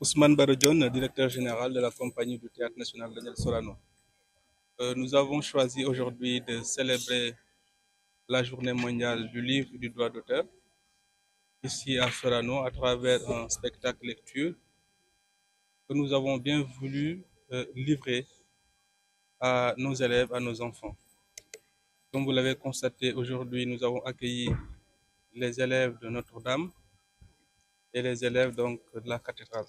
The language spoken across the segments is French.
Ousmane Barodjon, directeur général de la compagnie du Théâtre National Daniel Solano. Euh, nous avons choisi aujourd'hui de célébrer la journée mondiale du livre du droit d'auteur ici à Solano à travers un spectacle lecture que nous avons bien voulu euh, livrer à nos élèves, à nos enfants. Comme vous l'avez constaté, aujourd'hui nous avons accueilli les élèves de Notre-Dame et les élèves donc de la cathédrale.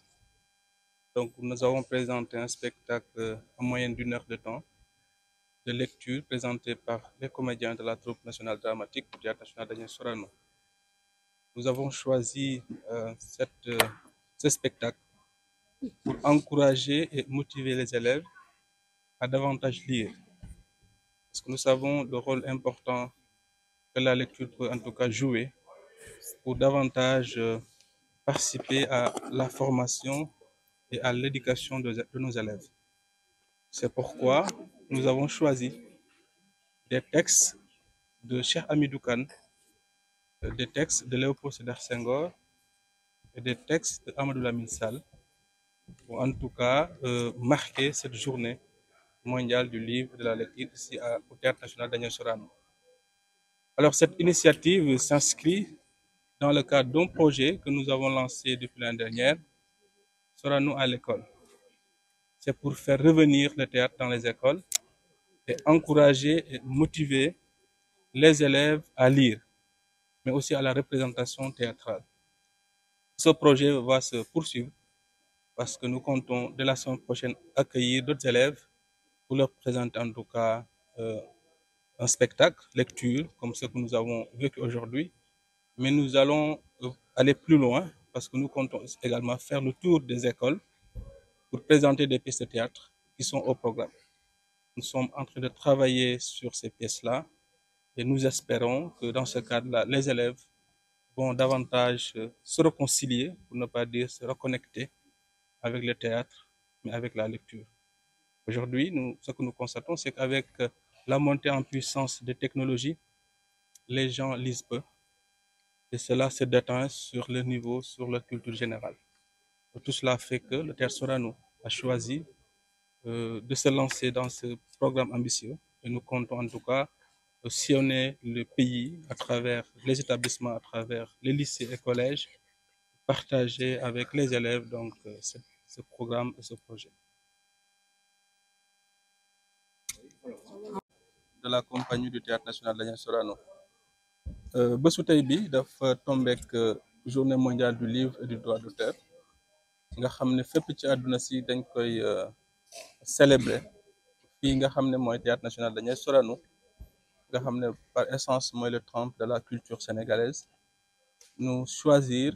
Donc, nous avons présenté un spectacle en moyenne d'une heure de temps de lecture présenté par les comédiens de la troupe nationale dramatique du théâtre national dagnès Sorano. Nous avons choisi euh, euh, ce spectacle pour encourager et motiver les élèves à davantage lire. Parce que nous savons le rôle important que la lecture peut en tout cas jouer pour davantage euh, participer à la formation et à l'éducation de, nos élèves. C'est pourquoi nous avons choisi des textes de Cheikh Ami Khan, des textes de Léopold Sédar Senghor et des textes de Amadou Lamine pour en tout cas euh, marquer cette journée mondiale du livre et de la lecture ici à, au Théâtre national Daniel Sorano. Alors cette initiative s'inscrit dans le cadre d'un projet que nous avons lancé depuis l'année dernière sera nous à l'école. C'est pour faire revenir le théâtre dans les écoles et encourager et motiver les élèves à lire, mais aussi à la représentation théâtrale. Ce projet va se poursuivre parce que nous comptons de la semaine prochaine accueillir d'autres élèves pour leur présenter en tout cas euh, un spectacle, lecture, comme ce que nous avons vécu aujourd'hui. Mais nous allons euh, aller plus loin parce que nous comptons également faire le tour des écoles pour présenter des pièces de théâtre qui sont au programme. Nous sommes en train de travailler sur ces pièces-là et nous espérons que dans ce cadre-là, les élèves vont davantage se réconcilier, pour ne pas dire se reconnecter avec le théâtre, mais avec la lecture. Aujourd'hui, ce que nous constatons, c'est qu'avec la montée en puissance des technologies, les gens lisent peu et cela se détend sur le niveau, sur la culture générale. Tout cela fait que le Terre Sorano a choisi euh, de se lancer dans ce programme ambitieux et nous comptons en tout cas euh, sillonner le pays à travers les établissements, à travers les lycées et collèges, partager avec les élèves donc euh, ce, programme et ce projet. De la compagnie du Théâtre national de Sorano. Euh, bésu tey bi dafa la euh, journée mondiale du livre et du droit d'auteur Nous avons fait ci àdduna célèbre, dañ koy euh, célébrer le nga théâtre national de Sorano nga xam par essence le temple de la culture sénégalaise Nous choisir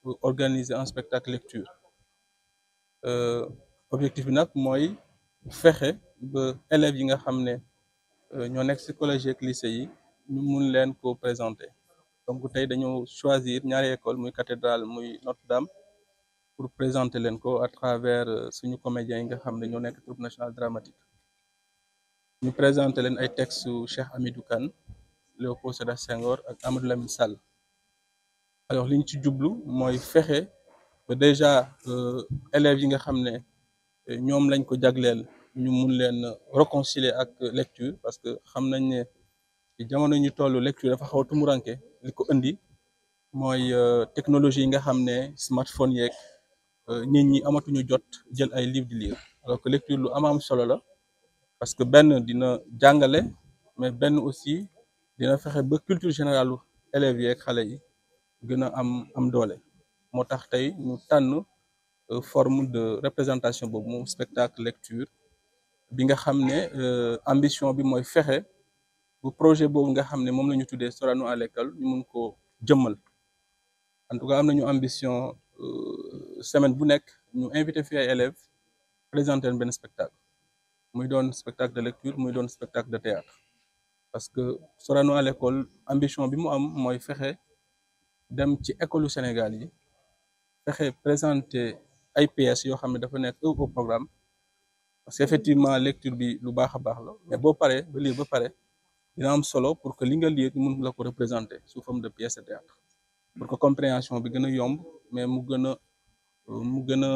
pour organiser un spectacle lecture objectif est de faire que les élèves yi nga fait et ñoo nous mun présenter donc nous avons choisir ñaari école muy cathédrale muy Notre-Dame pour présenter l'enco à travers ce euh, comédiens yi nga xam ne ñoo troupe dramatique Nous présentons les ay textes de Cheikh Hamidou Kane Léopold Sédar Senghor ak Amadou Lamine Sall alors ce ñu ci jublu mooy ba déjà euh, élèves yi nga xam nous euh, ñoom lañ ko avec ñu réconcilier ak lecture parce que nous savons ci jamono ñu tollu lecture dafa xaw a tumuranke li indi moy euh, technologie nga xamné smartphone yek, ñitt euh, ñi ñu jot jël ay livre di lire alors que lecture lu am am solo la parce que ben, dina jàngale mais ben aussi dina fexé ba culture générale élèves yeeg xalé yi gëna am am doolé motax tay ñu tann euh, forme de représentation bobu moom spectacle lecture bi nga xamné ambition bi moy fexé le projet nous nga xamné mom lañu la ñu Sorano à l'école ñu mun ko jëmmal en tout cas am nañu ambition euh, semaine bu nek ñu inviter fi ay élèves présenter ben spectacle muy doon spectacle de lecture muy doon spectacle de théâtre parce que Sorano à l'école ambition bi mu am moy fexé dem ci école yu Sénégal présenter ay pièces yo xamné un dafa nek au programme parce qu'effectivement, la lecture bi lu importante. baax la mais si vous ba lire ba il am solo pour que li nga lire la ko représenter sous forme de pièce de théâtre pour que compréhension bi gëna yomb mais mu gëna mu gëna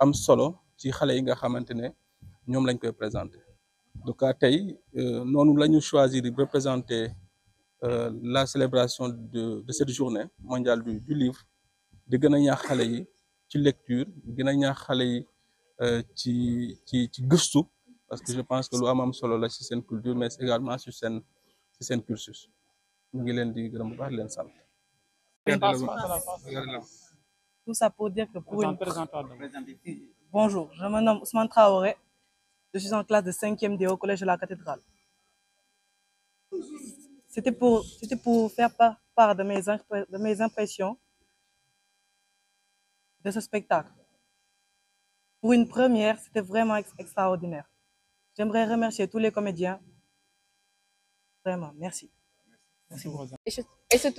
am solo ci xalé yi nga xamante ñom lañ koy présenter donc tey euh, noonu la choisir de représenter euh, la célébration de de cette journée mondiale du du livre de gëna a ñaax xale yi ci lecture di gën a ñaax xale yi euh, ci ci ci gëstu parce que je pense que l'ouamam solo la sur culture mais également sur scène, sur cursus Nous allons di gërëm bu Tout ça pour dire que pour une... Bonjour, je me nomme Ousmane Traoré. Je suis en classe de 5e D au collège de la cathédrale. C'était pour, pour faire part, de mes impressions de ce spectacle. Pour une première, c'était vraiment extraordinaire. J'aimerais remercier tous les comédiens. Vraiment, merci. Merci, beaucoup.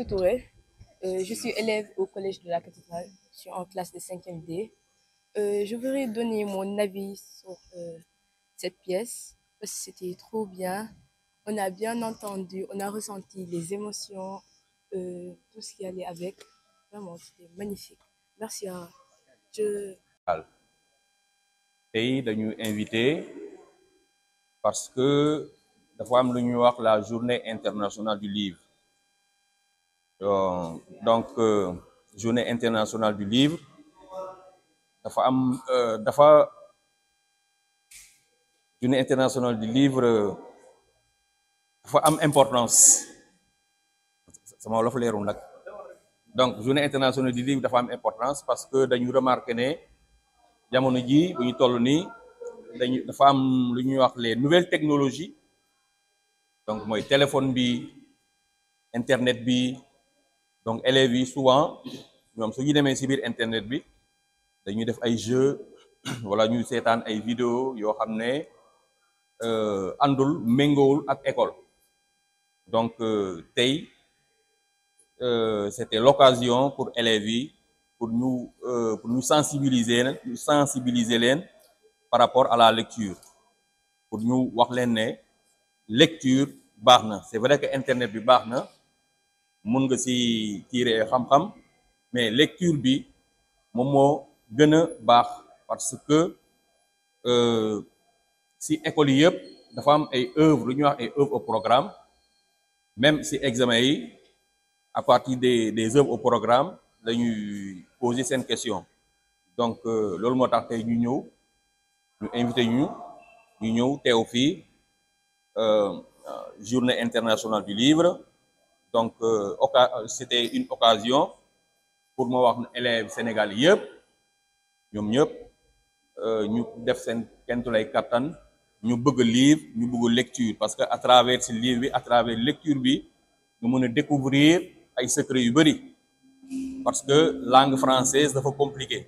Touré, euh, je suis élève au Collège de la Cathédrale. Je suis en classe de 5e D. Euh, je voudrais donner mon avis sur euh, cette pièce. C'était trop bien. On a bien entendu, on a ressenti les émotions, tout ce qui allait avec. Vraiment, c'était magnifique. Merci à... Hein. Je... nous parce que dafa am la journée internationale du livre donc euh, journée internationale du livre La euh, journée internationale du livre dafa am importance sama wolof leerul donc journée internationale du livre dafa une importance parce que dañu remarqué nous jamono ji bu ñu dit dañu dafa am les nouvelles technologies donc moy téléphone bi internet bi donc élèves souvent su internet bi def ay jeux wala ñuy sétane ay vidéos euh, donc euh, euh, c'était l'occasion pour élèves pour nous pour nous sensibiliser sensibiliser par rapport à la lecture pour nous wax lecture baax c'est vrai que internet bi bon, na mun nga ci tirer xam-xam mais lecture bi moom plus gën parce que si euh, école yi la dafa am ay œuvres œuvres au programme même si examen yi à partir des des œuvres au programme nous poser cette question donc euh, loolu moo tax ñu nous invité nous, nous euh, journée internationale du livre donc euh, c'était une occasion pour moi wax élèves sénégalais. Nous ñoom ñëpp euh, ñu Nous avons kentulay kattan ñu bëgg livre ñu bëgg lecture parce qu'à travers ce livre à travers lecture nous nous découvrir ay secret parce que la langue française est compliquée.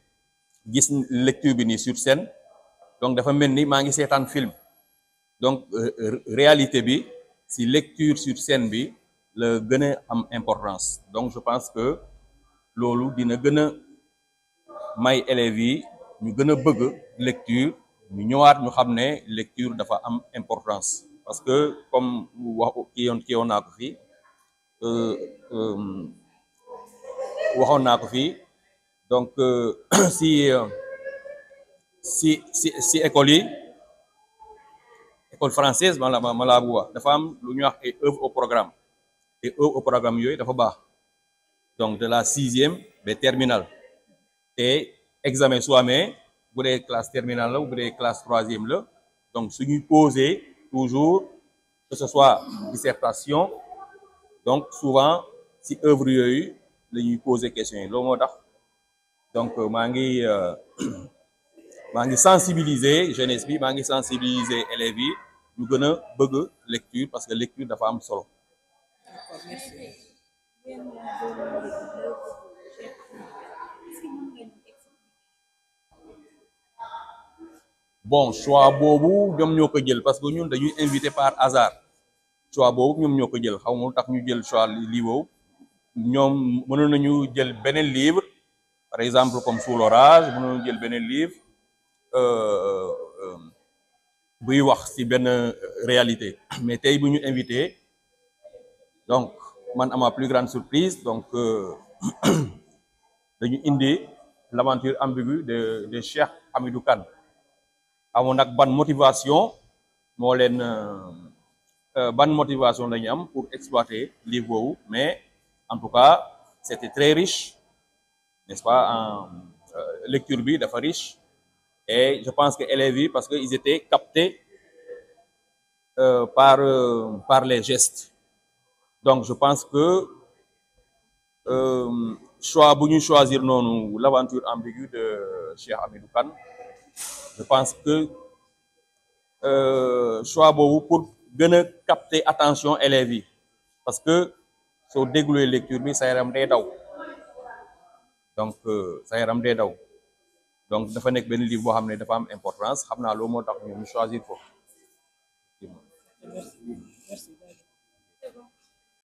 gis lecture bi ni sur scène donc dafa melni ma ngi sétane film donc euh, euh, réalité bi si lecture sur scène bi le gëna am importance donc je pense que lolu dina gëna may élèves yi ñu gëna bëgg lecture ñu ñëwaat ñu xamné lecture dafa am importance parce que comme wax ki yoon ki yoon naa ko fii euh, waxoon naa donc euh, euh, si si si école française je la ma laa bu Les œuvre au programme et œuvre au programme yooyu dafa baax donc de la sixième mais terminale et examen soit vous vous êtes classe terminale vous avez classe troisième e donc si vous poser toujours que ce soit dissertation donc souvent si œuvre yooyu la poser question donc je euh, vais euh, sensibiliser jeunesse je sensibiliser élèves nous lecture parce que lecture dafa am solo. bon choix nous parce que ñun invité par hasard choix Bobo, nous choix livre par exemple comme Sous l'orage nous nañu lire un livre euh, euh, buy une c'est une réalité mais tey bu invité donc à ma plus grande surprise donc euh, dañu indé, l'aventure ambiguë de de Cheikh Hamidou Kane amoon nag ban motivation avons une bonne motivation pour exploiter livre mais en tout cas c'était très riche n'est-ce pas, en euh, lecture bi Et je pense que est vue parce qu'ils étaient captés euh, par euh, par les gestes. Donc je pense que euh, choix bu choisir non, l'aventure ambiguë de Cheikh Hamidou je pense que choix bon pour bien capter attention est parce que sur dégouler lecture bi ça yaram donc euh, sa yaram dee daw donc dafa nekk benn livre boo xam ne dafa am importance xam naa loolu moo tax ñu choisir ko.